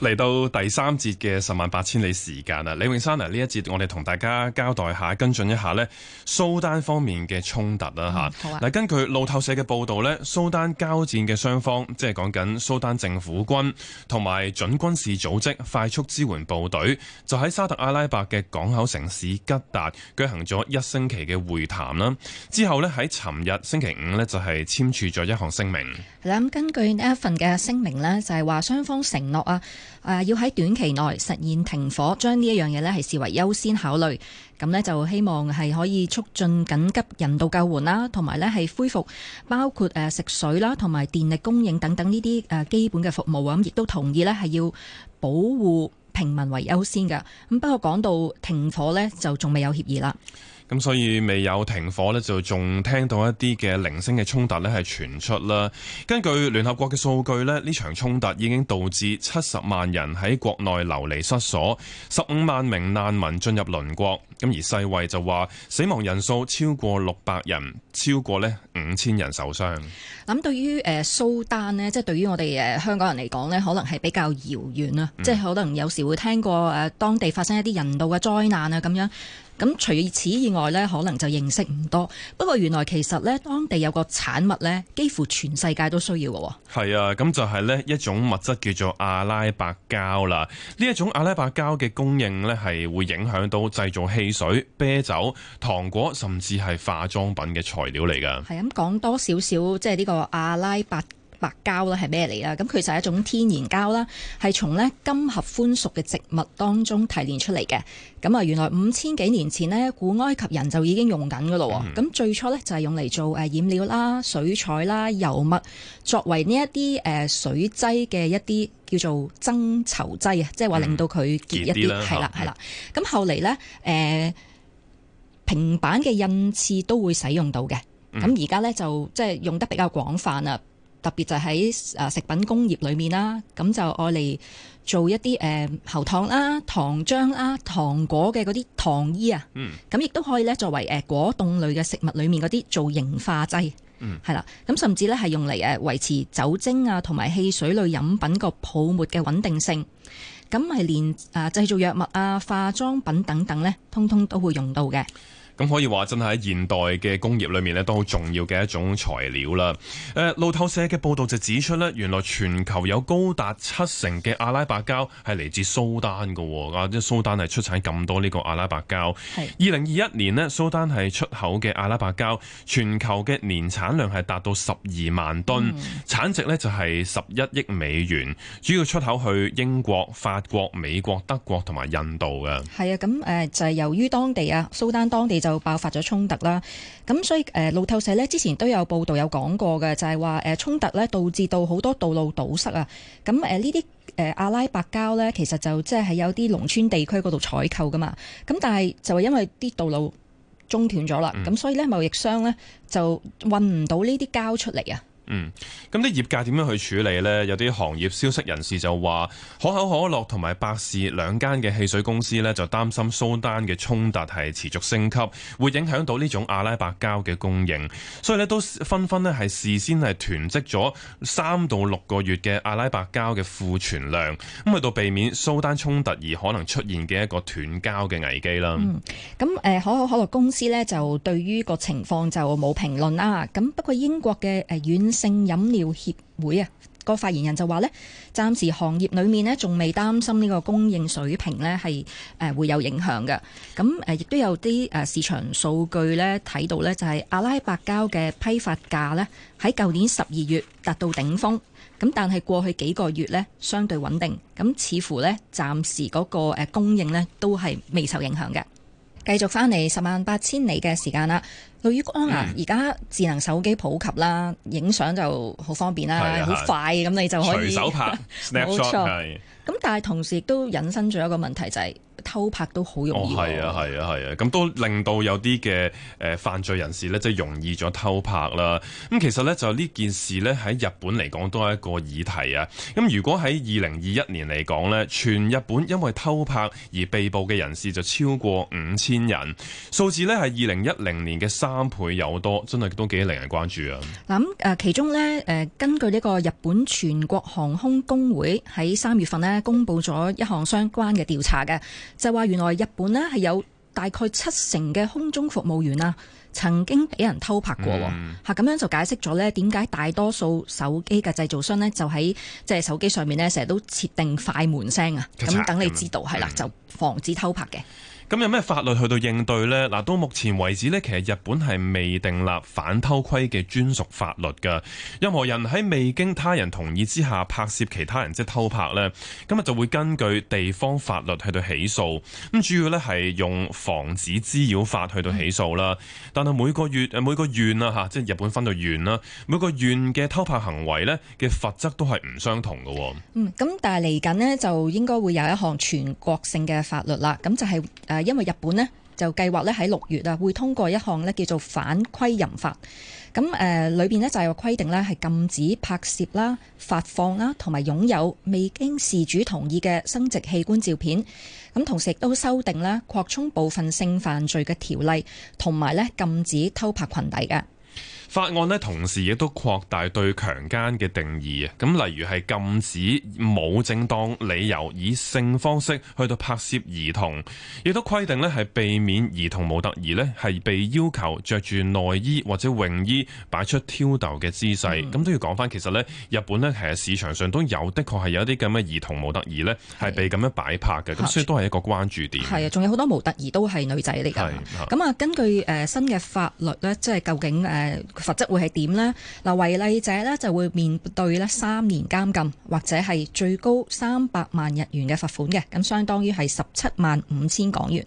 嚟到第三節嘅十萬八千里時間啦，李永山，嚟呢一節，我哋同大家交代下，跟進一下呢蘇丹方面嘅衝突啦嚇。嗱、嗯，啊、根據路透社嘅報導呢蘇丹交戰嘅雙方，即係講緊蘇丹政府軍同埋準軍事組織快速支援部隊，就喺沙特阿拉伯嘅港口城市吉達舉行咗一星期嘅會談啦。之後呢喺尋日星期五呢就係、是、簽署咗一項聲明。咁、嗯、根據呢一份嘅聲明呢就係、是、話雙方承諾啊。誒要喺短期內實現停火，將呢一樣嘢呢係視為優先考慮。咁呢，就希望係可以促進緊急人道救援啦，同埋呢係恢復包括誒食水啦，同埋電力供應等等呢啲誒基本嘅服務。咁亦都同意呢係要保護平民為優先嘅。咁不過講到停火呢，就仲未有協議啦。咁所以未有停火咧，就仲聽到一啲嘅零星嘅衝突咧，係傳出啦。根據聯合國嘅數據咧，呢場衝突已經導致七十萬人喺國內流離失所，十五萬名難民進入鄰國。咁而世衛就話死亡人數超過六百人，超過咧五千人受傷。咁對於誒蘇丹咧，即係對於我哋誒香港人嚟講咧，可能係比較遙遠啦。嗯、即係可能有時會聽過誒當地發生一啲人道嘅災難啊咁樣。咁除此以外呢，可能就認識唔多。不過原來其實呢，當地有個產物呢，幾乎全世界都需要嘅。係啊，咁就係呢一種物質叫做阿拉伯膠啦。呢一種阿拉伯膠嘅供應呢，係會影響到製造汽水、啤酒、糖果，甚至係化妝品嘅材料嚟㗎。係咁講多少少，即係呢個阿拉伯白膠咧係咩嚟啦？咁佢就係一種天然膠啦，係從咧金合歡屬嘅植物當中提煉出嚟嘅。咁啊，原來五千幾年前咧，古埃及人就已經用緊噶咯。咁、嗯、哼最初咧就係用嚟做誒染料啦、水彩啦、油墨，作為呢一啲誒水劑嘅一啲叫做增稠劑啊，即係話令到佢結一啲係啦，係啦。咁了的後嚟咧誒平板嘅印字都會使用到嘅。咁而家咧就即係用得比較廣泛啊。特別就喺誒食品工業裏面啦，咁就愛嚟做一啲誒喉糖啦、糖漿啦、糖果嘅嗰啲糖衣啊。嗯。咁亦都可以咧作為誒果凍類嘅食物裏面嗰啲做凝化劑。嗯。係啦，咁甚至咧係用嚟誒維持酒精啊同埋汽水類飲品個泡沫嘅穩定性。咁係連誒製造藥物啊、化妝品等等咧，通通都會用到嘅。咁可以話真係喺現代嘅工業裏面咧，都好重要嘅一種材料啦。誒路透社嘅報道就指出咧，原來全球有高達七成嘅阿拉伯膠係嚟自蘇丹嘅，啊，即係蘇丹係出產咁多呢個阿拉伯膠。係二零二一年咧，蘇丹係出口嘅阿拉伯膠，全球嘅年產量係達到十二萬噸，產值咧就係十一億美元，主要出口去英國、法國、美國、德國同埋印度嘅。係啊，咁誒就係由於當地啊，蘇丹當地就是。就爆發咗衝突啦，咁所以誒路透社咧之前都有報道有講過嘅，就係話誒衝突咧導致到好多道路堵塞啊，咁誒呢啲誒阿拉伯膠咧其實就即係喺有啲農村地區嗰度採購噶嘛，咁但係就係因為啲道路中斷咗啦，咁所以咧貿易商咧就運唔到呢啲膠出嚟啊。嗯，咁啲業界點樣去處理呢？有啲行業消息人士就話，可口可樂同埋百事兩間嘅汽水公司呢，就擔心蘇丹嘅衝突係持續升級，會影響到呢種阿拉伯膠嘅供應，所以呢，都紛紛係事先係囤積咗三到六個月嘅阿拉伯膠嘅庫存量，咁去到避免蘇丹衝突而可能出現嘅一個斷膠嘅危機啦。咁、嗯呃、可口可樂公司呢，就對於個情況就冇評論啦。咁不過英國嘅誒、呃性飲料協會啊，個發言人就話呢，暫時行業裏面呢，仲未擔心呢個供應水平呢係誒會有影響嘅。咁誒亦都有啲誒市場數據呢，睇到呢就係阿拉伯膠嘅批發價呢，喺舊年十二月達到頂峰。咁但係過去幾個月呢，相對穩定，咁似乎呢，暫時嗰個供應呢，都係未受影響嘅。繼續翻嚟十萬八千里嘅時間啦，雷宇光啊！而家、嗯、智能手機普及啦，影相就好方便啦，好、嗯、快咁你就可以隨手拍，冇 aps 錯。咁的但係同時亦都引申咗一個問題就係、是。偷拍都好容易，哦，係啊，係啊，係啊，咁都令到有啲嘅、呃、犯罪人士咧，即係容易咗偷拍啦。咁其實咧，就呢件事咧喺日本嚟講都係一個議題啊。咁如果喺二零二一年嚟講咧，全日本因為偷拍而被捕嘅人士就超過五千人，數字咧係二零一零年嘅三倍有多，真係都幾令人關注啊。嗱，咁其中咧，根據呢個日本全國航空工會喺三月份咧公佈咗一項相關嘅調查嘅。就話原來日本呢係有大概七成嘅空中服務員啦，曾經俾人偷拍過，吓咁、嗯、樣就解釋咗呢點解大多數手機嘅製造商呢，就喺即係手機上面呢，成日都設定快門聲啊，咁等實你知道係啦、嗯，就防止偷拍嘅。咁有咩法律去到應對咧？嗱，到目前為止咧，其實日本係未訂立反偷窺嘅專屬法律嘅。任何人喺未經他人同意之下拍攝其他人即係偷拍咧，咁啊就會根據地方法律去到起訴，咁主要咧係用防止滋擾法去到起訴啦。但係每個月誒每個縣啊吓，即係日本分到縣啦，每個縣嘅偷拍行為咧嘅法則都係唔相同嘅。嗯，咁但係嚟緊咧就應該會有一項全國性嘅法律啦。咁就係、是。因為日本咧就計劃咧喺六月啊，會通過一項咧叫做反窺淫法，咁誒裏邊咧就係規定咧係禁止拍攝啦、發放啦同埋擁有未經事主同意嘅生殖器官照片，咁同時亦都修訂咧擴充部分性犯罪嘅條例，同埋咧禁止偷拍裙底嘅。法案呢，同時亦都擴大對強姦嘅定義啊。咁例如係禁止冇正當理由以性方式去到拍攝兒童，亦都規定呢係避免兒童模特兒呢係被要求着住內衣或者泳衣擺出挑逗嘅姿勢。咁都、嗯、要講翻，其實呢日本呢，其實市場上都有的確係有一啲咁嘅兒童模特兒呢係被咁樣擺拍嘅，咁的所以都係一個關注點。係啊，仲有好多模特兒都係女仔嚟㗎。咁啊，根據新嘅法律呢，即係究竟、呃罰則會係點呢？嗱，違例者咧就會面對咧三年監禁或者係最高三百萬日元嘅罰款嘅，咁相當於係十七萬五千港元。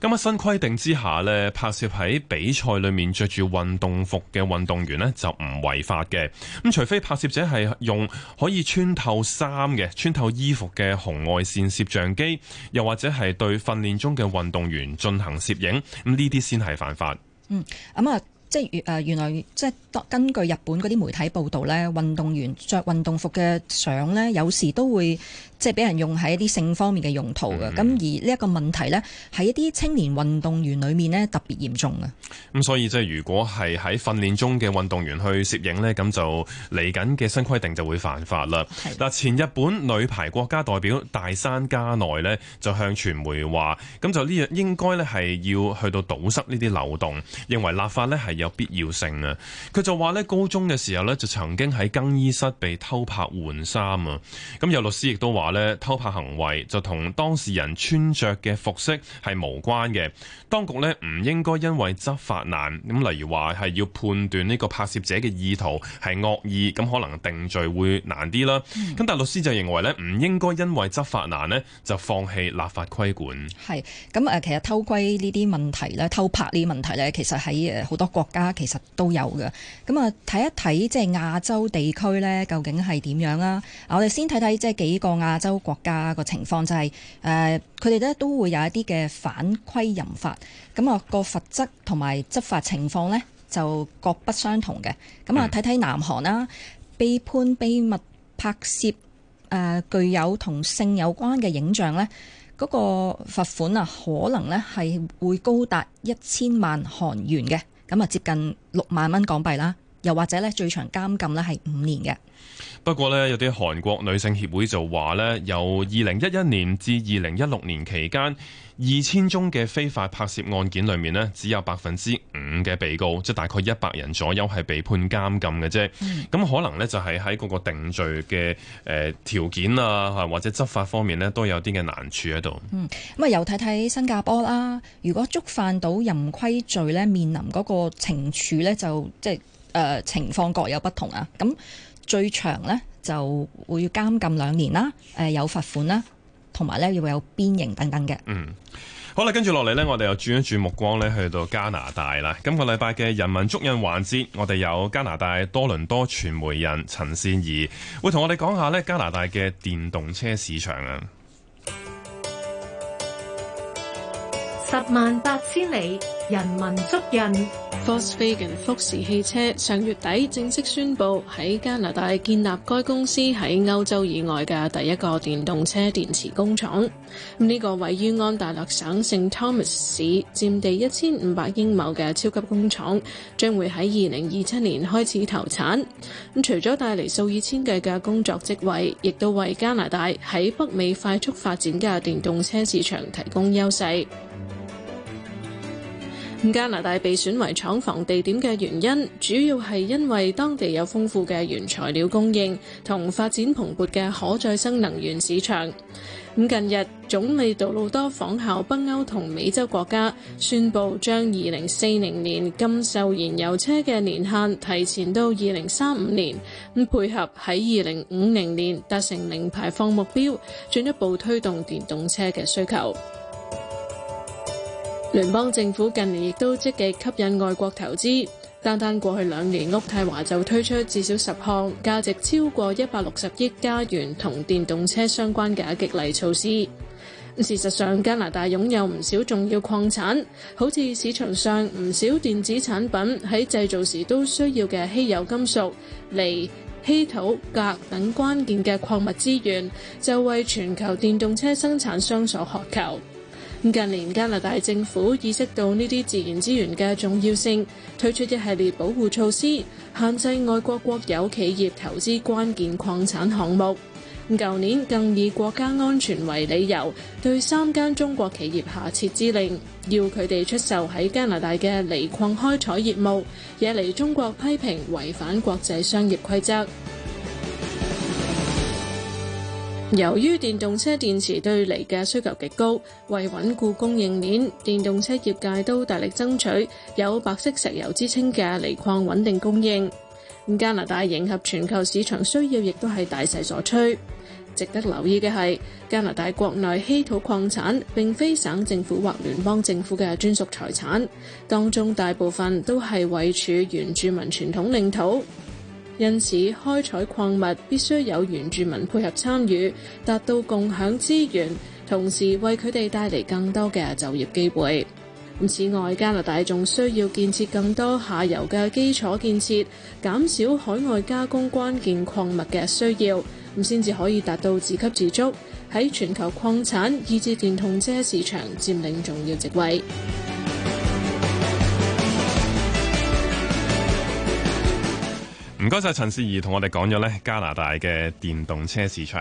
今日新規定之下呢，拍攝喺比賽裏面着住運動服嘅運動員呢就唔違法嘅，咁除非拍攝者係用可以穿透衫嘅穿透衣服嘅紅外線攝像機，又或者係對訓練中嘅運動員進行攝影，咁呢啲先係犯法。嗯，咁、嗯、啊。即係原誒原來即係根據日本嗰啲媒體報道咧，運動員着運動服嘅相咧，有時都會即係俾人用喺一啲性方面嘅用途嘅。咁、嗯、而呢一個問題咧，喺一啲青年運動員裏面咧特別嚴重嘅。咁、嗯、所以即係如果係喺訓練中嘅運動員去攝影咧，咁就嚟緊嘅新規定就會犯法啦。嗱，Okay. 前日本女排國家代表大山加奈咧就向傳媒話，咁就呢樣應該咧係要去到堵塞呢啲漏洞，認為立法咧係。有必要性啊。佢就話咧，高中嘅時候咧，就曾經喺更衣室被偷拍換衫啊。咁有律師亦都話咧，偷拍行為就同當事人穿着嘅服飾係無關嘅。當局咧唔應該因為執法難，咁例如話係要判斷呢個拍攝者嘅意圖係惡意，咁可能定罪會難啲啦。咁、嗯、但係律師就認為咧，唔應該因為執法難咧就放棄立法規管。係，咁誒其實偷窺呢啲問題咧，偷拍呢啲問題咧，其實喺誒好多國家其實都有嘅咁啊，睇一睇即係亞洲地區呢，究竟係點樣啦？我哋先睇睇即係幾個亞洲國家個情況、就是，就係誒佢哋咧都會有一啲嘅反規淫法反窺淫法咁啊，個罰、呃、則同埋執法情況呢，就各不相同嘅。咁、呃、啊，睇睇南韓啦，被判秘密拍攝誒、呃、具有同性有關嘅影像呢，嗰、那個罰款啊，可能呢係會高達一千萬韓元嘅。咁啊，接近六萬蚊港幣啦。又或者咧，最長監禁咧係五年嘅。不過咧，有啲韓國女性協會就話咧，由二零一一年至二零一六年期間，二千宗嘅非法拍攝案件裏面咧，只有百分之五嘅被告，即、係、大概一百人左右，係被判監禁嘅啫。咁、嗯、可能呢，就係喺嗰個定罪嘅誒條件啊，或者執法方面呢，都有啲嘅難處喺度、嗯。嗯，咁啊，又睇睇新加坡啦、啊。如果觸犯到淫規罪呢，面臨嗰個懲處咧，就即、係、係。誒、呃、情況各有不同啊！咁最長呢，就會監禁兩年啦、呃，有罰款啦，同埋呢要有鞭刑等等嘅。嗯，好啦，跟住落嚟呢，我哋又轉一轉目光呢，去到加拿大啦。今個禮拜嘅人文足印環節，我哋有加拿大多倫多傳媒人陳善宜，會同我哋講下呢，加拿大嘅電動車市場啊。十萬八千里，人文足印。Volkswagen 福士汽車上月底正式宣佈喺加拿大建立該公司喺歐洲以外嘅第一個電動車電池工廠。呢個位於安大略省聖 Thomas 市，佔地一千五百英畝嘅超級工廠，將會喺二零二七年開始投產。咁除咗帶嚟數以千計嘅工作職位，亦都為加拿大喺北美快速發展嘅電動車市場提供優勢。加拿大被選為廠房地點嘅原因，主要係因為當地有豐富嘅原材料供應，同發展蓬勃嘅可再生能源市場。咁近日，總理杜魯多訪校北歐同美洲國家，宣布將二零四零年禁售燃油車嘅年限提前到二零三五年，咁配合喺二零五零年達成零排放目標，進一步推動電動車嘅需求。聯邦政府近年亦都積極吸引外國投資。單單過去兩年，渥太華就推出至少十項價值超過一百六十億加元同電動車相關嘅激勵措施。事實上，加拿大擁有唔少重要礦產，好似市場上唔少電子產品喺製造時都需要嘅稀有金屬、鋰、稀土、鎘等關鍵嘅礦物資源，就為全球電動車生產商所渴求。近年加拿大政府意識到呢啲自然資源嘅重要性，推出一系列保護措施，限制外國國有企業投資關鍵礦產項目。咁舊年更以國家安全為理由，對三間中國企業下撤資令，要佢哋出售喺加拿大嘅鋰礦開採業務，惹嚟中國批評違反國際商業規則。由於電動車電池對鋰嘅需求極高，為穩固供應鏈，電動車業，業界都大力爭取有白色石油之稱嘅鋰礦穩定供應。加拿大迎合全球市場需要，亦都係大勢所趨。值得留意嘅係，加拿大國內稀土礦產並非省政府或聯邦政府嘅專屬財產，當中大部分都係位處原住民傳統領土。因此，開採礦物必須有原住民配合參與，達到共享資源，同時為佢哋帶嚟更多嘅就業機會。咁此外，加拿大仲需要建設更多下游嘅基礎建設，減少海外加工關鍵礦物嘅需要，咁先至可以達到自給自足，喺全球礦產以至電動車市場佔領重要席位。唔該晒，陳善宜同我哋講咗咧加拿大嘅電動車市場。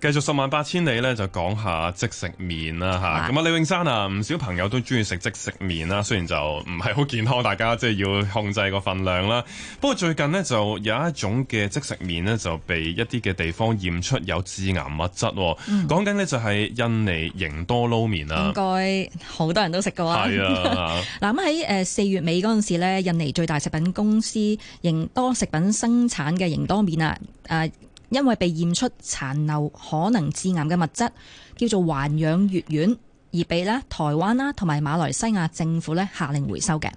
繼續十萬八千里咧，就講下即食麵啦吓。咁啊，李永山啊，唔少朋友都中意食即食麵啦。雖然就唔係好健康，大家即係要控制個分量啦。不過最近呢，就有一種嘅即食麵呢，就被一啲嘅地方驗出有致癌物質。講緊呢，就係印尼營多撈麵啦。應該好多人都食過啊。係 啊，嗱咁喺四月尾嗰陣時呢，印尼最大食品公司營多食品生產嘅營多麵啊，啊因為被驗出殘留可能致癌嘅物質，叫做環氧乙烷，而被咧台灣啦同埋馬來西亞政府咧下令回收嘅。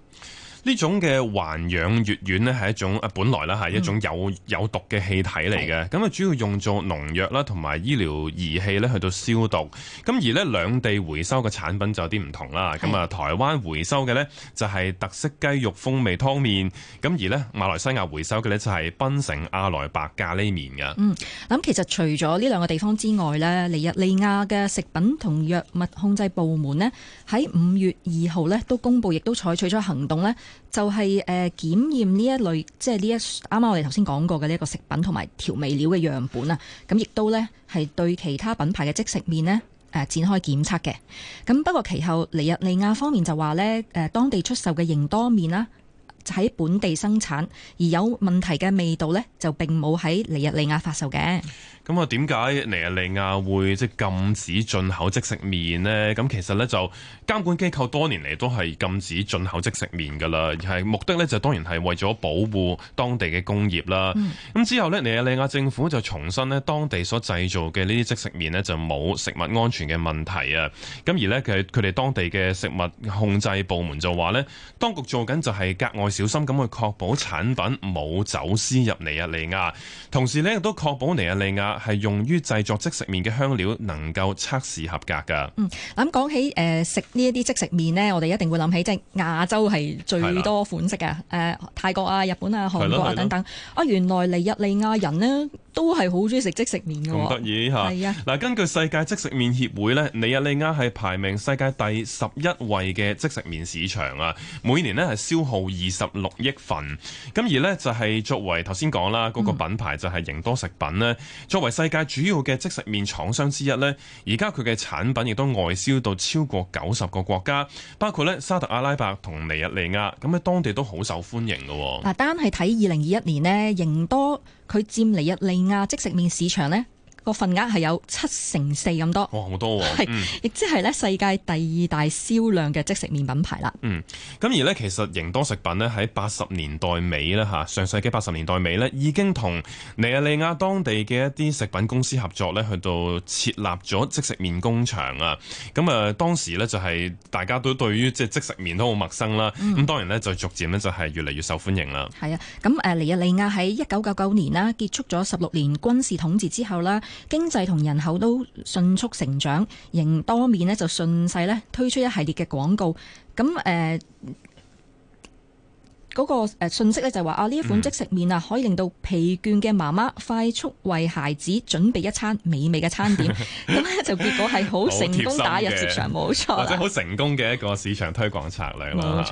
呢種嘅環氧月丸環氧乙烷呢，係一種啊，本來啦係一種有有毒嘅氣體嚟嘅，咁啊、嗯、主要用作農藥啦同埋醫療儀器咧去到消毒。咁而呢兩地回收嘅產品就有啲唔同啦。咁啊、嗯，台灣回收嘅呢就係特色雞肉風味湯麵，咁而呢馬來西亞回收嘅呢，就係檳城阿來白咖喱麵㗎。嗯，咁其實除咗呢兩個地方之外呢，尼日利亞嘅食品同藥物控制部門呢，喺五月二號呢都公布，亦都採取咗行動呢。就係誒檢驗呢一類，即係呢一啱啱我哋頭先講過嘅呢一個食品同埋調味料嘅樣本啊，咁亦都呢係對其他品牌嘅即食麵呢誒展開檢測嘅。咁不過其後尼日利亞方面就話呢，誒當地出售嘅營多麵啦，就喺本地生產，而有問題嘅味道呢就並冇喺尼日利亞發售嘅。咁啊，點解尼日利亞會即係禁止進口即食麵呢？咁其實呢，就監管機構多年嚟都係禁止進口即食麵噶啦，而係目的呢，就當然係為咗保護當地嘅工業啦。咁之後呢，尼日利亞政府就重申呢，當地所製造嘅呢啲即食麵呢，就冇食物安全嘅問題啊。咁而呢，佢佢哋當地嘅食物控制部門就話呢，當局做緊就係格外小心咁去確保產品冇走私入尼日利亞，同時呢，亦都確保尼日利亞。係用於製作即食麵嘅香料能夠測試合格噶。嗯，咁講起誒食呢一啲即食麵呢，我哋一定會諗起即係亞洲係最多款式嘅。誒的、呃，泰國啊、日本啊、韓國、啊、等等啊，原來尼日利亞人呢都係好中意食即食麵嘅。得意吓，嗱的，根據世界即食麵協會呢，的尼日利亞係排名世界第十一位嘅即食麵市場啊，每年呢係消耗二十六億份。咁而呢，就係、是、作為頭先講啦，嗰個品牌就係營多食品呢。嗯為世界主要嘅即食麵廠商之一咧，而家佢嘅產品亦都外銷到超過九十個國家，包括咧沙特阿拉伯同尼日利亞咁，喺當地都好受歡迎噶。嗱，單係睇二零二一年咧，仍多佢佔尼日利亞即食麵市場咧。個份額係有七成四咁、哦、多、啊，哇好多喎！係，亦即係咧世界第二大銷量嘅即食麵品牌啦。嗯，咁而呢，其實營多食品呢喺八十年代尾咧嚇上世紀八十年代尾呢，已經同尼日利亞當地嘅一啲食品公司合作呢去到設立咗即食麵工場啊！咁啊，當時呢，就係、是、大家都對於即即食麵都好陌生啦。咁、嗯、當然呢，就逐漸呢，就係越嚟越受歡迎啦。啊，咁、嗯、誒尼日利亞喺一九九九年啦結束咗十六年軍事統治之後啦。經濟同人口都迅速成長，營多麵咧就順勢咧推出一系列嘅廣告。咁誒嗰個誒、呃、信息咧就係話啊，呢一款即食麵啊，可以令到疲倦嘅媽媽快速為孩子準備一餐美味嘅餐點。咁咧 就結果係好成功打入市場，冇錯，或者好成功嘅一個市場推廣策略啦。冇錯。